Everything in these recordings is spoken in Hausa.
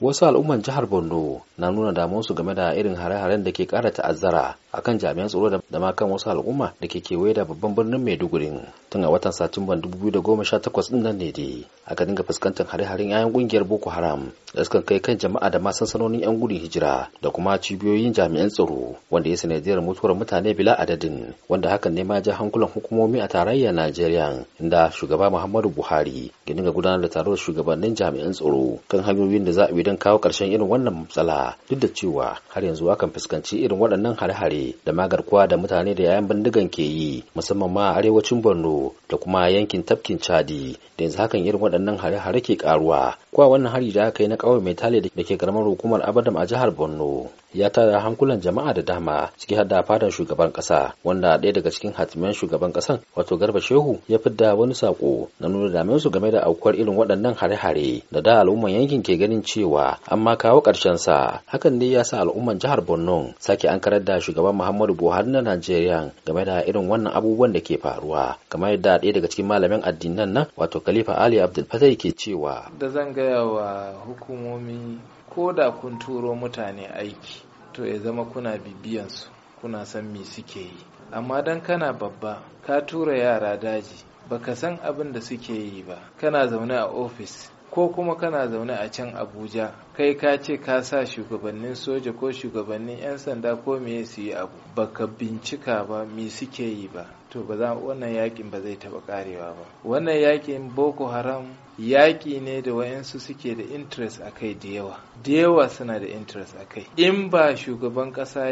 wasu al'umman jihar borno na nuna damuwarsu game da irin hare-haren da ke kara ta'azzara akan jami'an tsaro da ma kan wasu al'umma da ke kewaye da babban birnin Maiduguri tun a watan Satumban 2018 din nan ne dai aka dinga fuskantar hare-haren 'ya'yan kungiyar Boko Haram da suka kai kan jama'a da ma sansanonin 'yan gudun hijira da kuma cibiyoyin jami'an tsaro wanda ya sanadiyar mutuwar mutane bila adadin wanda hakan ne ma ja hankulan hukumomi a tarayyar Najeriya inda shugaba Muhammadu Buhari ke dinga gudanar da taro taron shugabannin jami'an tsaro kan hanyoyin da za a bi don kawo karshen irin wannan matsala duk da cewa har yanzu akan fuskanci irin waɗannan hare-hare Da da magarkuwa da mutane da yayan bindigan ke yi musamman ma a arewacin borno da kuma yankin tafkin chadi da yanzu hakan irin waɗannan hare-hare ke karuwa kuwa wannan hari da aka yi na ƙauye mai tale da ke karamar hukumar abadam a jihar borno ya tara hankulan jama'a da dama ciki har da fadar shugaban kasa wanda ɗaya daga cikin hatiman shugaban kasan wato garba shehu ya fidda wani sako na nuna damin su game da aukuwar irin waɗannan hare-hare da da al'umman yankin ke ganin cewa an ma kawo ƙarshen sa hakan ne ya sa al'umman jihar Borno sake an karar da shugaban Muhammadu Buhari na Najeriya game da irin wannan abubuwan da ke faruwa kamar yadda ɗaya daga cikin malamin addinan nan wato Khalifa Ali Abdul Fatai ke cewa da zan gaya wa hukumomi ko da kun turo mutane aiki to ya zama kuna bibiyansu kuna san me suke yi amma dan kana babba ka tura yara daji baka san abin da suke yi ba kana zaune a ofis ko kuma kana zaune a can abuja kai ka ce ka sa shugabannin soja ko shugabannin 'yan sanda ko me su yi abu baka bincika ba me suke yi ba to ba za wannan yakin ba zai taba karewa ba wannan yakin boko haram yaki ne da wayansu suke da interest a kai da yawa da yawa suna da interest a kai in ba shugaban ƙasa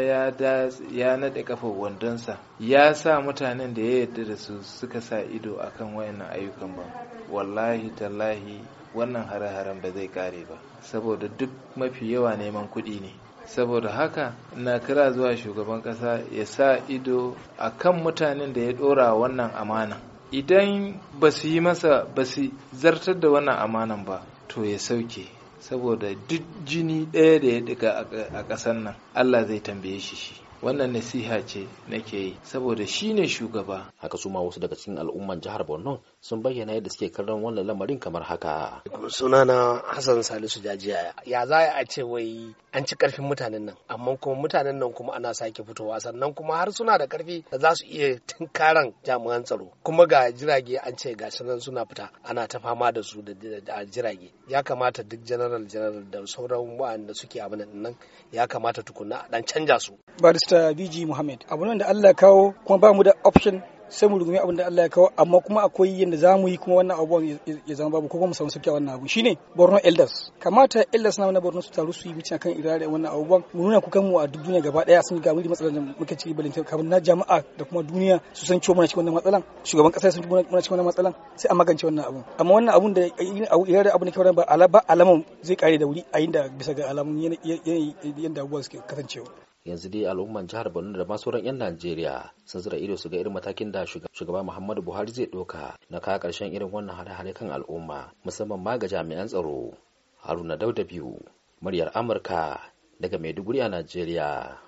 ya naɗe ƙafa wandonsa ya sa mutanen da ya yarda da su suka sa ido akan wayannan ayyukan ba wallahi tallahi wannan hare-haren ba zai kare ba saboda duk mafi yawa neman kuɗi ne saboda haka na kira zuwa shugaban kasa ya sa ido a kan mutanen da ya dora wannan amana idan ba su yi masa ba su zartar da wannan amanan ba to ya sauke saboda duk jini ɗaya da ya ɗiga a ƙasan nan allah zai tambaye shi shi wannan nasiha ce nake yi saboda shi ne shugaba haka suma wasu daga cikin al'umman jihar borno sun bayyana yadda suke kallon wannan lamarin kamar haka sunana hassan salisu jajiya ya za a ce wai an ci karfin mutanen nan amma kuma mutanen nan kuma ana sake fitowa sannan kuma har suna da karfi da za su iya tunkaran jami'an tsaro kuma ga jirage an ce ga nan suna fita ana ta fama da su da jirage ya kamata duk general general da sauran wa'anda suke abin nan ya kamata tukuna dan canja su barista Dr. BG Muhammad. Abu nan da Allah kawo kuma ba mu da option sai mu rungumi abin da Allah ya kawo amma kuma akwai yadda za mu yi kuma wannan abubuwan ya zama babu ko kuma mu samu sauki a wannan abu shine Borno elders kamata elders na Borno su taru su yi bincike kan irare wannan abubuwan mu nuna kukan mu a duk duniya gaba daya sun ga mu matsalar da muke ciki balance kamar na jama'a da kuma duniya su san cewa muna cikin wannan matsalan shugaban kasa sun muna cikin wannan matsalan sai a magance wannan abu amma wannan abun da irare abu ne kawai ba alama zai kare da wuri a yinda bisa ga alamun yanayi abubuwan suke kasancewa yanzu dai al'umman jihar Borno da ma sauran 'yan Najeriya sun zira ido su ga irin matakin da shugaba Muhammadu Buhari zai ɗauka na kawo ƙarshen irin wannan hare-hare kan al'umma musamman ma ga jami'an tsaro. Haruna Dauda biyu, muryar Amurka daga Maiduguri a Najeriya.